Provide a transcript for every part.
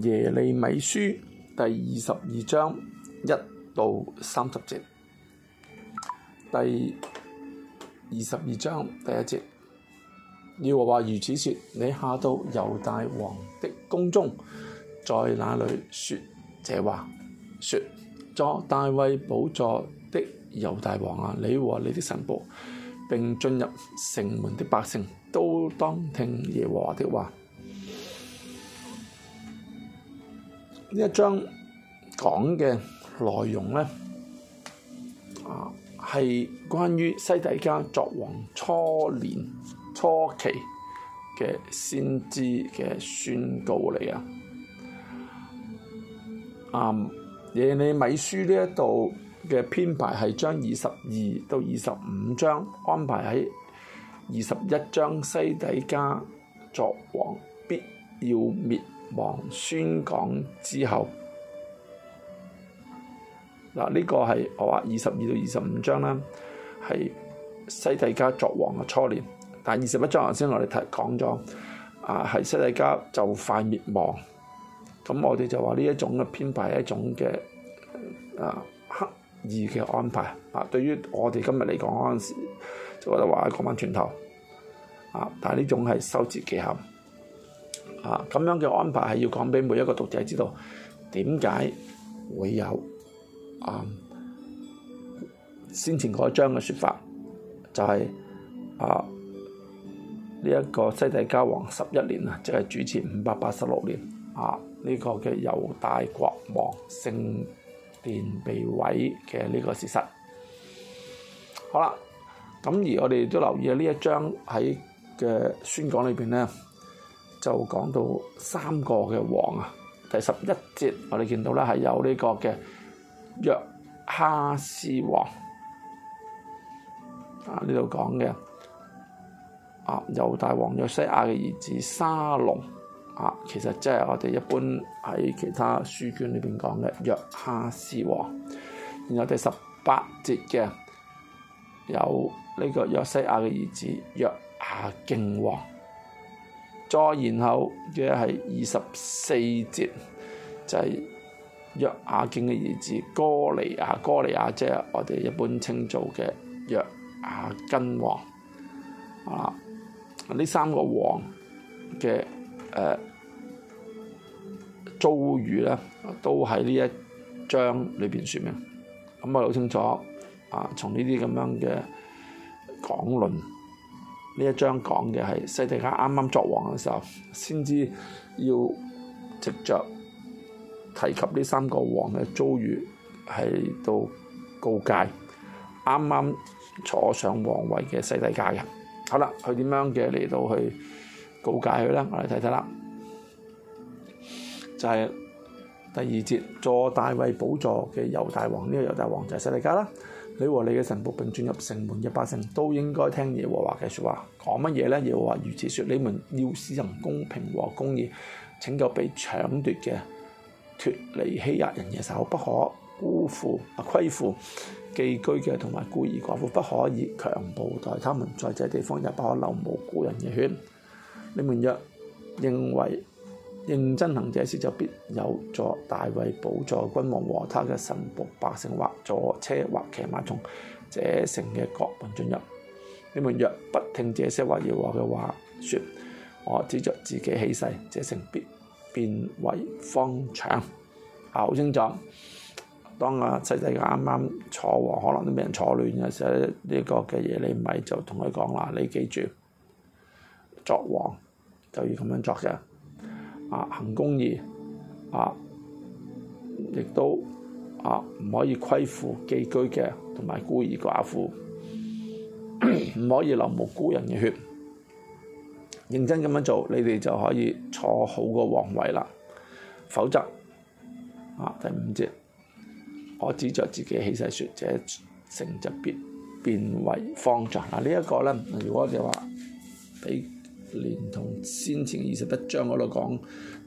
耶利米書第二十二章一到三十節，第二十二章第一節，耶和華如此說：你下到猶大王的宮中，在那裡說這話，說坐大衛寶座的猶大王啊，你和你的臣僕，並進入城門的百姓，都當聽耶和華的話。呢一章講嘅內容呢，啊，係關於西底家作王初年初期嘅先知嘅宣告嚟啊、嗯。耶利米書呢一度嘅編排係將二十二到二十五章安排喺二十一章西底家作王必要滅。王宣講之後，嗱、這個、呢個係我話二十二到二十五章啦，係西帝家作王嘅初年。但二十一章頭先我哋提講咗，啊係西帝家就快滅亡。咁我哋就話呢一種嘅編排係一種嘅啊刻意嘅安排。啊，對於我哋今日嚟講嗰陣時，就覺得話講翻轉頭，啊，但係呢種係修辭技巧。啊，咁樣嘅安排係要講俾每一個讀者知道點解會有啊、嗯、先前嗰一章嘅說法，就係、是、啊呢一、這個西底家王十一年，就是、年啊，即係主前五百八十六年啊呢個嘅猶大國王聖殿被毀嘅呢個事實。好啦，咁而我哋都留意喺呢一章喺嘅宣講裏邊咧。就講到三個嘅王啊，第十一節我哋見到啦，係有呢個嘅約哈斯王啊，呢度講嘅啊猶大王約西亞嘅兒子沙龍啊，其實即係我哋一般喺其他書卷裏邊講嘅約哈斯王。然後第十八節嘅有呢個約西亞嘅兒子約雅敬王。再然後嘅係二十四節，就係約阿敬嘅兒子哥尼亞，哥尼亞即係我哋一般稱做嘅約阿根王。啊，呢三個王嘅誒、呃、遭遇咧，都喺呢一章裏邊説明。咁、嗯、啊，睇清楚啊，從呢啲咁樣嘅講論。呢一章講嘅係西底家啱啱作王嘅時候，先知要藉着提及呢三個王嘅遭遇，喺度告誡啱啱坐上皇位嘅西底家嘅。好啦，佢點樣嘅嚟到去告誡佢咧？我哋睇睇啦，就係、是、第二節坐大衛寶座嘅猶大王，呢、這個猶大王就係西底家啦。你和你嘅臣僕並進入城門嘅百姓，都應該聽耶和華嘅說話。講乜嘢呢？耶和華如此說：你們要施行公平和公義，拯救被搶奪嘅，脫離欺壓人嘅手，不可辜負啊，虧負寄居嘅同埋孤兒寡婦，不可以強暴待他們。在這地方，也不可流無辜人嘅血。你們若認為，認真行這事，就必有坐大衛寶座君王和他嘅臣僕百姓，或坐車或騎馬從這城嘅各門進入。你們若不聽這些話，要我嘅話説，我指着自己起誓，這城必變為荒場。好清楚。當啊細細啱啱坐王，可能都俾人坐亂嘅時候，呢個嘅嘢你咪就同佢講啦。你記住，作王就要咁樣作嘅。啊，行公義，啊，亦都啊唔可以虧負寄居嘅同埋孤兒寡婦，唔 可以流無辜人嘅血。認真咁樣做，你哋就可以坐好個皇位啦。否則，啊第五節，我指着自己起誓説：者，成就別變，變為荒場。嗱、啊這個、呢一個咧，如果就話俾。連同先前二十一章嗰度講，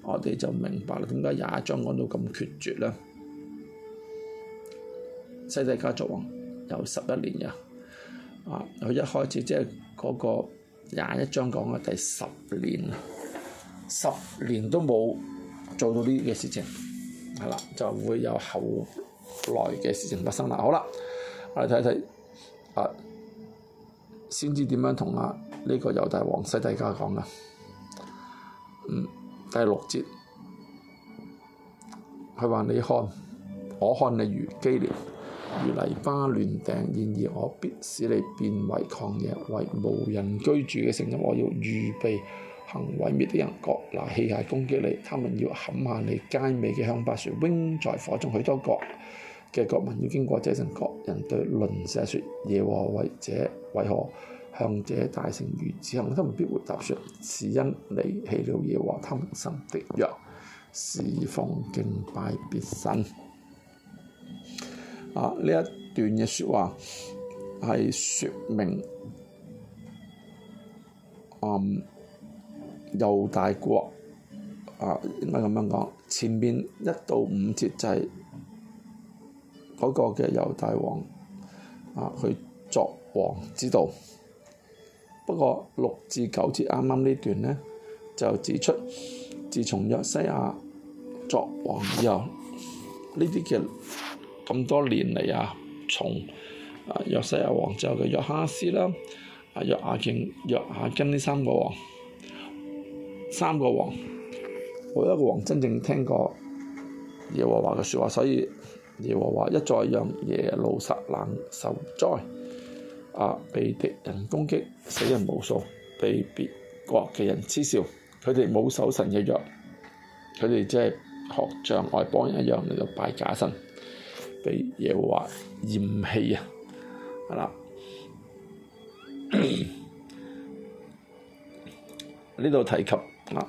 我哋就明白啦，點解廿一章講到咁決絕咧？西底家族王，有十一年呀。啊，佢一開始即係嗰個廿一章講嘅第十年，十年都冇做到呢啲嘅事情，係啦，就會有後來嘅事情發生啦。好啦，我哋睇睇啊，先知點樣同啊？呢個又大王西帝家講嘅，嗯，第六節，佢話：你看，我看你如基列，如泥巴亂頂。然而我必使你變為曠野，為無人居住嘅城。因我要預備行毀滅的人，各拿器械攻擊你，他們要砍下你佳美嘅香柏樹，扔在火中。許多國嘅國民要經過這城，各人對鄰舍説：耶和華為這為何？向者大成如此行，我都唔必回答說。説是因你起了野和貪心的藥，啊，事奉敬拜別神啊。呢一段嘅説話係説明，嗯，猶大國啊，應該咁樣講。前面一到五節就係嗰個嘅猶大王啊，佢作王之道。不過六至九節啱啱呢段呢，就指出，自從約西亞作王以後，呢啲嘅咁多年嚟啊，從啊約西亞王之後嘅約哈斯啦，啊約阿敬、約阿根呢三個王，三個王，每一個王真正聽過耶和華嘅説話，所以耶和華一再讓耶路撒冷受災。啊、被敵人攻擊，死人無數；被別國嘅人恥笑，佢哋冇守神嘅約，佢哋即係學像外邦一樣嚟到拜假神，畀耶和華厭棄啊！係啦，呢 度提及啊，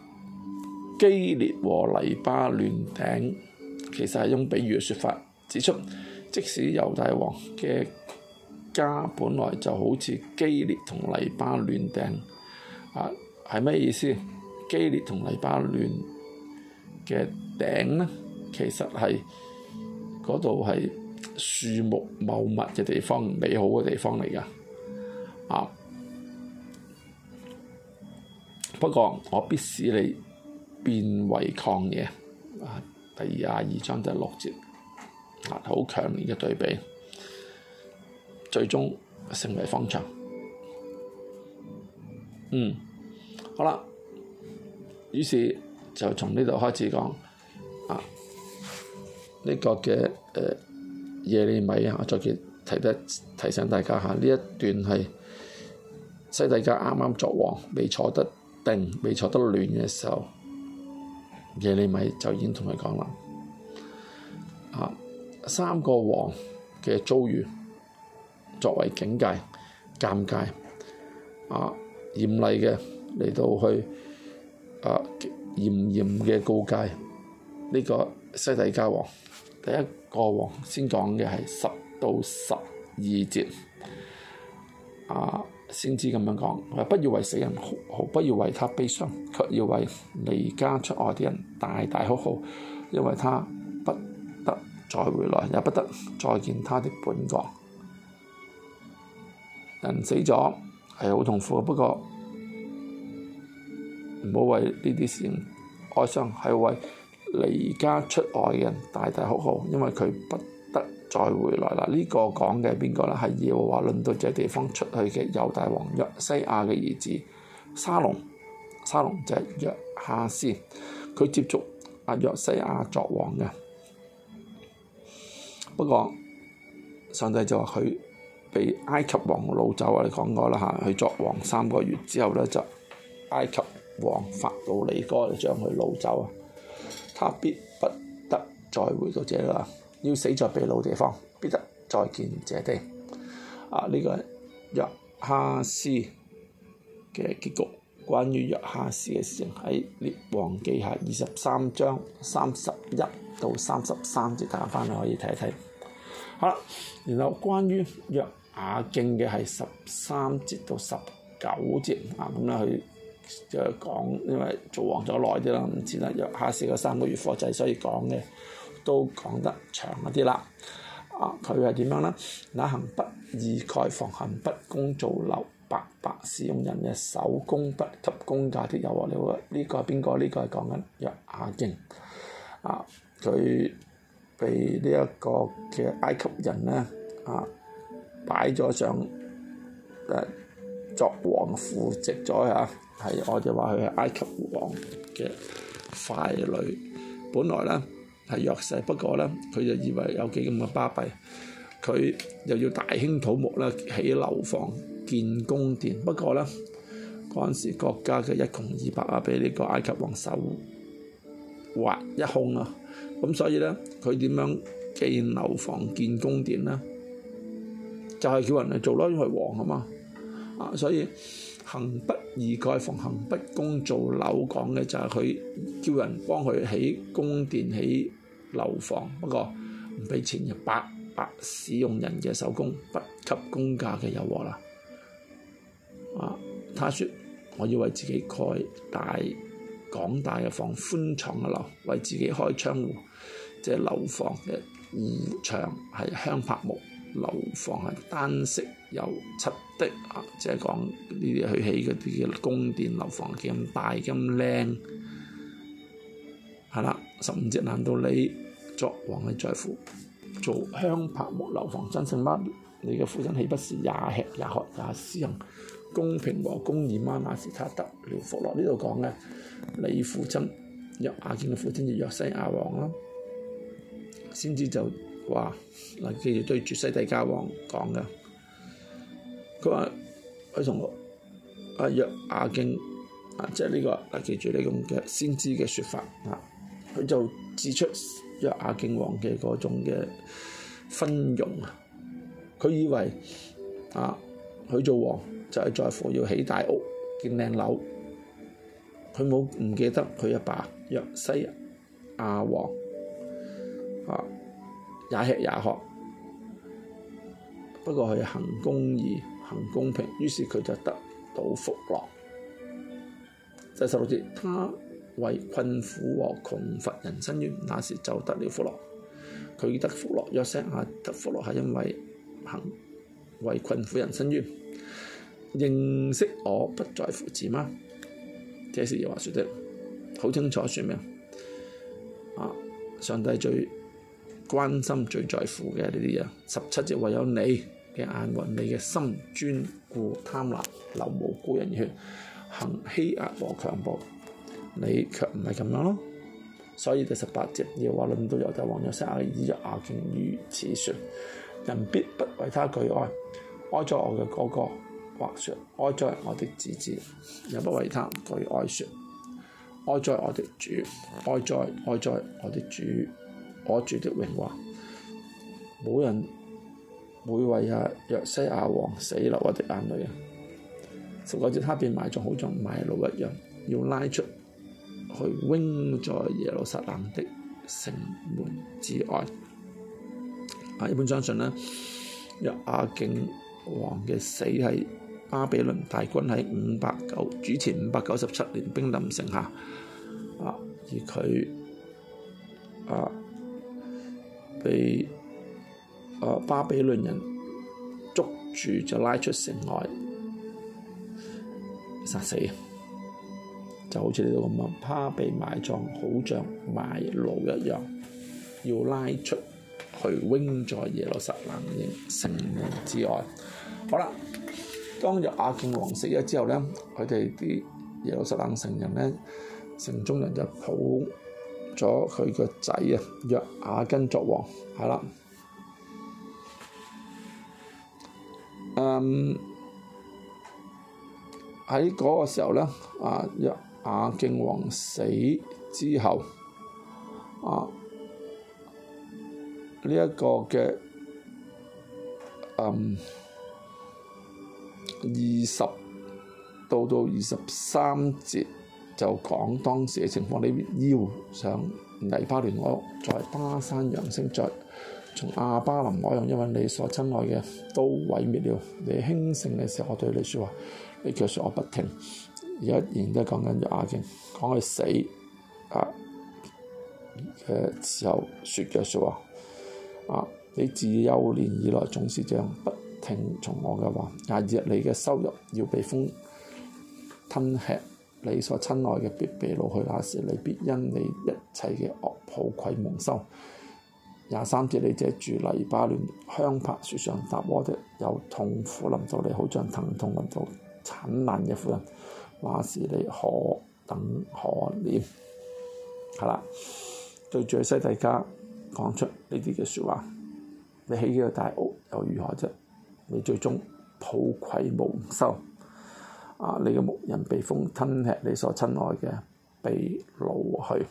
基列和黎巴嫩頂，其實係用比喻嘅説法指出，即使猶大王嘅。.家本來就好似基列同利巴嫩頂，啊，係咩意思？基列同利巴嫩嘅頂呢，其實係嗰度係樹木茂密嘅地方，美好嘅地方嚟㗎。啊，不過我必使你變為曠野。啊，第二廿二章就係六節，啊，好強烈嘅對比。最終成為方丈。嗯，好啦，於是就從呢度開始講啊，呢、這個嘅誒、呃、耶利米啊，再提提醒大家下，呢、啊、一段係西底家啱啱作王，未坐得定，未坐得暖嘅時候，耶利米就已經同佢講啦。啊，三個王嘅遭遇。作為警戒、尷尬、啊嚴厲嘅嚟到去啊嚴嚴嘅告誡呢、這個西底家王，第一個王先講嘅係十到十二節啊，先至咁樣講話，不要為死人哭號，不要為他悲傷，卻要為離家出外啲人大大哭號，因為他不得再回來，也不得再見他的本國。人死咗係好痛苦，不過唔好為呢啲事情哀傷，係為離家出外嘅人大大哭號，因為佢不得再回來啦。這個、呢個講嘅邊個咧？係耶和華話論到這地方出去嘅猶大王約西亞嘅兒子沙龍，沙龍就係約哈斯，佢接續阿約西亞作王嘅。不過上帝就話佢。被埃及王擄走啊！你講過啦嚇，佢作王三個月之後咧，就埃及王法老尼哥就將佢擄走啊！他必不得再回到這啦，要死在被擄地方，必得再見這地啊！呢、這個約哈斯嘅結局，關於約哈斯嘅事情喺列王記下二十三章三十一到三十三節，33, 大家翻去可以睇一睇。好啦、啊，然後關於約雅敬嘅係十三節到十九節啊，咁咧佢誒講，因為做王咗耐啲啦，唔知啦，約下市個三個月貨就所以講嘅，都講得長一啲啦。啊，佢係點樣咧？那行不義蓋房，行不公造樓，白白使用人嘅手工，不及公價啲油，你呢個係邊個？呢個係講緊約雅敬啊！佢俾呢一個嘅埃及人咧啊～擺咗上，誒、呃、作王妃，即咗下係我就話佢係埃及王嘅傀儡。本來咧係弱勢，不過咧佢就以為有幾咁嘅巴閉，佢又要大興土木啦，起樓房、建宮殿。不過咧嗰陣時國家嘅一窮二百，啊，俾呢個埃及王手滑一空啊，咁所以咧佢點樣建樓房建宮、建宮殿咧？就係叫人嚟做咯，因為王啊嘛，啊所以行不義蓋房，行不公造樓講嘅就係佢叫人幫佢起宮殿、起樓房，不過唔畀錢，就白白使用人嘅手工，不給工價嘅有禍啦。啊，他說我要為自己蓋大廣大嘅房、寬敞嘅樓，為自己開窗戶，即係樓房嘅護牆係香柏木。樓房係單色油漆的，即係講呢啲去起嗰啲嘅宮殿樓房，咁大咁靚，係啦。十五節難道你作王係在乎做香柏木樓房真正乜？你嘅父親豈不是也吃也喝也用？公平和公義嗎？那是他得了福樂呢度講嘅。你父親約雅敬嘅父親就約西亞王啦，先至就。話嗱，記住對絕世帝家王講㗎，佢話佢同阿約亞敬啊，即係呢、呢個嗱，記住呢咁嘅先知嘅説法吓，佢就指出約亞敬王嘅嗰種嘅昏庸。啊，佢以為啊，佢做王就係在乎要起大屋建靚樓，佢冇唔記得佢阿爸約西亞王啊。也吃也喝，不過佢行公義、行公平，於是佢就得到福樂。第十六節，他為困苦和窮乏人伸冤，那時就得了福樂。佢得福樂，約瑟啊得福樂，係因為行為困苦人伸冤。認識我不在乎字嗎？這是話説的，好清楚説明。啊，上帝最關心最在乎嘅呢啲嘢，十七節唯有你嘅眼雲，你嘅心專顧貪婪，流無辜人血，行欺壓和強暴，你卻唔係咁樣咯。所以第十八節又話：論到猶大王約西亞耳亞敬如此説，人必不為他舉哀，哀哉我嘅哥哥，或説哀哉我的姊姊，也不為他舉哀説，哀哉我嘅主，哀哉哀哉我嘅主。我住的榮華，冇人會為阿約西亞王死流一滴眼淚啊！十九字，他便埋葬，好像埋路一樣，要拉出去扔在耶路撒冷的城門之外。啊，一般相信呢，約阿敬王嘅死係巴比倫大軍喺五百九主前五百九十七年兵臨城下，啊，而佢啊～被巴比倫人捉住，就拉出城外殺死，就好似你度咁啊！怕被埋葬，好像埋驢一樣，要拉出去扔咗耶路撒冷嘅城門之外。好啦，當日約雅敬王死咗之後咧，佢哋啲耶路撒冷城人咧，城中人就好。咗佢個仔啊，約亞根作王，係啦。喺，嗯，嗰個時候咧，啊約亞敬王死之後，啊呢一，這個嘅嗯二十到，到二十三節。就講當時嘅情況，你要上黎巴嫩，我在巴山揚聲，在從亞巴琳我用，因為你所親愛嘅都毀滅了。你興盛嘅時候，我對你説話，你卻説我不聽。仍然都講緊阿亞經，講佢死啊嘅時候説嘅説話啊，你自幼年以來總是這樣不聽從我嘅話，亞熱你嘅收入要被風吞吃。你所親愛嘅必被擄，去那時你必因你一切嘅惡抱愧蒙羞。廿三節，你者住黎巴嫩，香柏樹上搭窩的，有痛苦臨到你，好像疼痛臨到慘難嘅婦人，那時你何等可憐。係啦，對著西底家講出呢啲嘅説話。你起嘅大屋又如何啫？你最終抱愧蒙羞。啊！你嘅牧人被風吞吃，你所親愛嘅被擄去。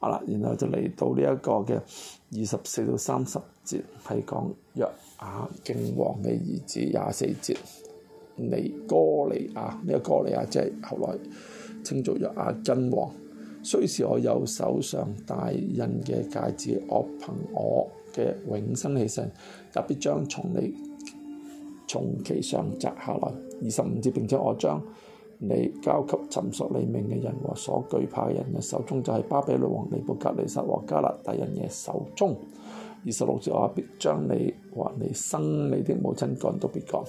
好、啊、啦，然後就嚟到呢一個嘅二十四到三十節，係講約雅敬王嘅兒子，廿四節耶哥尼雅。呢、這個哥尼雅即係後來稱作約雅斤王。雖是我右手上戴印嘅戒指，我憑我嘅永生起誓，特別將從你。從其上摘下來。二十五節，並且我將你交給尋索你命嘅人和所懼怕嘅人嘅手中，就係巴比倫王尼布甲尼撒和迦勒底人嘅手中。二十六節，我必將你和你生你的母親趕到別國，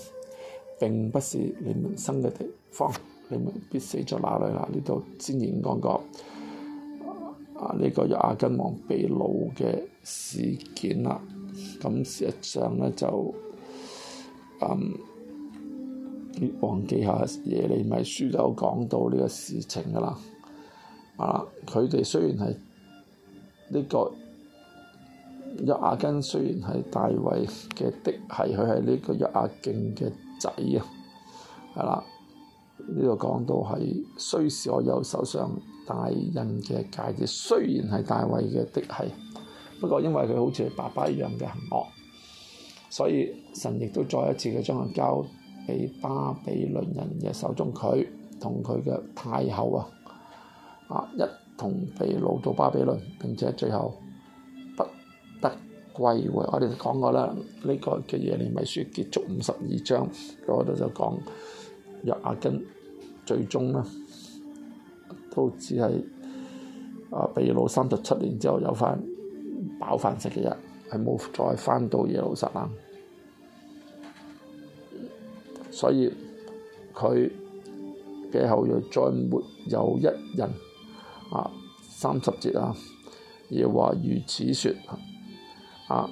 並不是你們生嘅地方，你們必死在那裡啦。呢度先講、啊這個啊呢個約雅斤王被擄嘅事件啦。咁、啊、事實上呢，就。嗯、忘記下耶利米書都有講到呢個事情㗎啦。佢、啊、哋雖然係呢、這個、個約阿根、啊啊，雖然係大衛嘅嫡系，佢係呢個約阿敬嘅仔啊。啦，呢度講到係，雖是我右手上帶印嘅戒指，雖然係大衛嘅嫡系，不過因為佢好似係爸爸一樣嘅行惡，所以。神亦都再一次嘅將佢交俾巴比倫人嘅手中，佢同佢嘅太后啊，啊一同被擄到巴比倫，並且最後不得歸回。我哋講過啦，呢、這個嘅耶利米書結束五十二章嗰度就講約阿根。最終咧都只係啊被擄三十七年之後有翻飽飯食嘅日，係冇再翻到耶路撒冷。所以佢嘅後裔再沒有一人、啊、三十節啊，啊，耶和華如此説啊，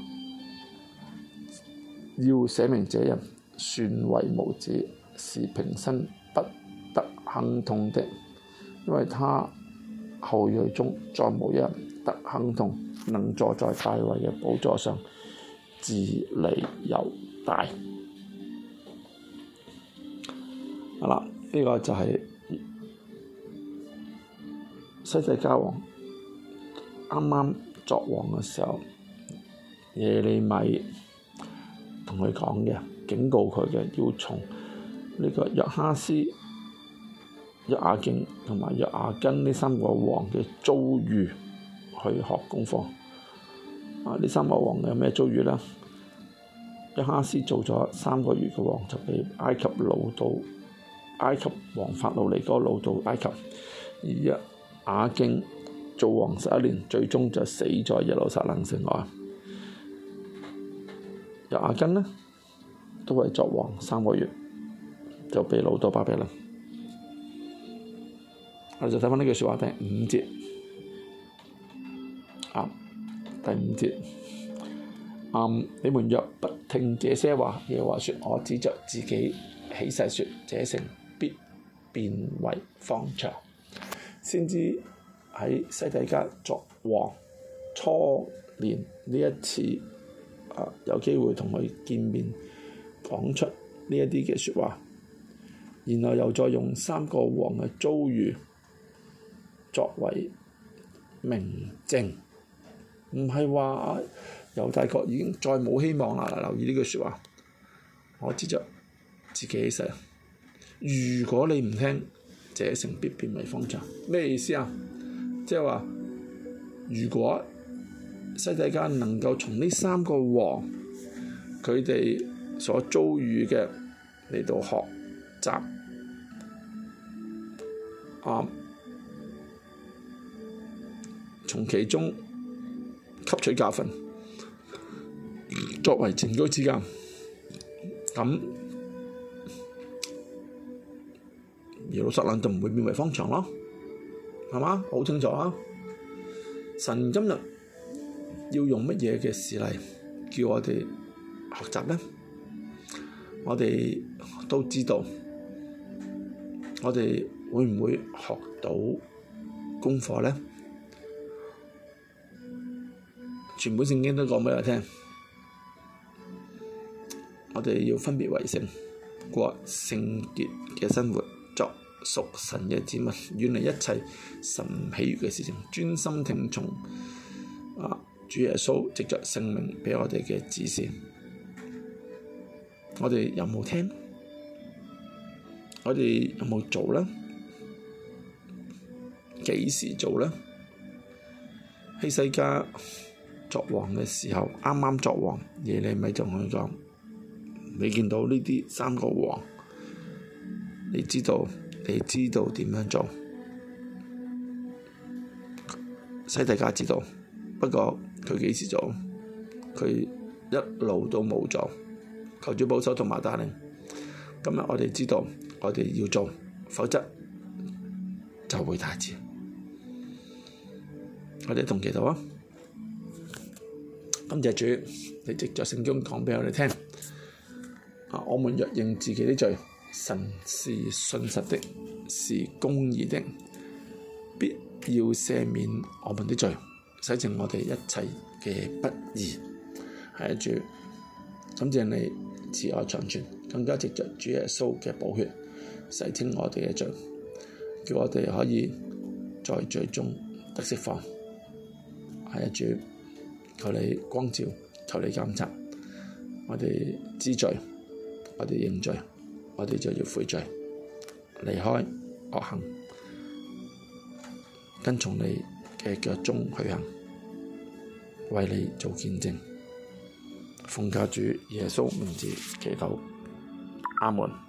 要寫明這人算為無子，是平生不得亨通的，因為他後裔中再無一人得亨通，能坐在大衛嘅寶座上治理猶大。呢個就係西底家王啱啱作王嘅時候，耶利米同佢講嘅，警告佢嘅，要從呢個約哈斯、約雅敬同埋約雅斤呢三個王嘅遭遇去學功課。啊！呢三個王有咩遭遇呢？約哈斯做咗三個月嘅王，就畀埃及擄到。埃及王法老尼哥擄到埃及，而約阿敬做王十一年，最終就死在耶路撒冷城外。約阿根呢都為作王三個月，就被擄到巴比倫。我哋就睇返呢句説話第五節，啊第五節，啊、嗯、你們若不聽這些話，耶和華說我：我指着自己起誓說：這城。變為方長，先知喺西底家作王初年呢一次啊有機會同佢見面，講出呢一啲嘅説話，然後又再用三個王嘅遭遇作為明證，唔係話有大國已經再冇希望啦。留意呢句説話，我知咗自己嘅事。如果你唔聽，這城必變為荒場。咩意思啊？即係話，如果世界間能夠從呢三個王佢哋所遭遇嘅嚟到學習，啊，從其中吸取教訓，作為前車之鑑，咁。耶路撒冷，就唔會變為荒場咯，係嘛？好清楚啊！神今日要用乜嘢嘅事例叫我哋學習呢？我哋都知道，我哋會唔會學到功課呢？全本聖經都講畀我聽，我哋要分別為聖，過聖潔嘅生活。屬神嘅子民，遠離一切神唔喜悅嘅事情，專心聽從主耶穌藉著聖名畀我哋嘅指示。我哋有冇聽？我哋有冇做呢？幾時做呢？喺世界作王嘅時候，啱啱作王，耶利米仲可以講：你見到呢啲三個王，你知道？你知道點樣做？使大家知道，不過佢幾時做？佢一路都冇做。求主保守同埋帶領。今日我哋知道，我哋要做，否則就會太遲。我哋一同祈禱啊！今日主你藉著聖經講俾我哋聽。啊，我們若認自己的罪。神是信實的，是公義的，必要赦免我們的罪，洗淨我哋一切嘅不義。係啊，主，感謝你慈愛長存，更加藉着主耶穌嘅寶血，洗清我哋嘅罪，叫我哋可以在罪中得釋放。係啊，主，求你光照，求你監察，我哋知罪，我哋認罪。我哋就要悔罪，離開惡行，跟從你嘅腳蹤去行，為你做見證，奉教主耶穌名字祈禱，阿門。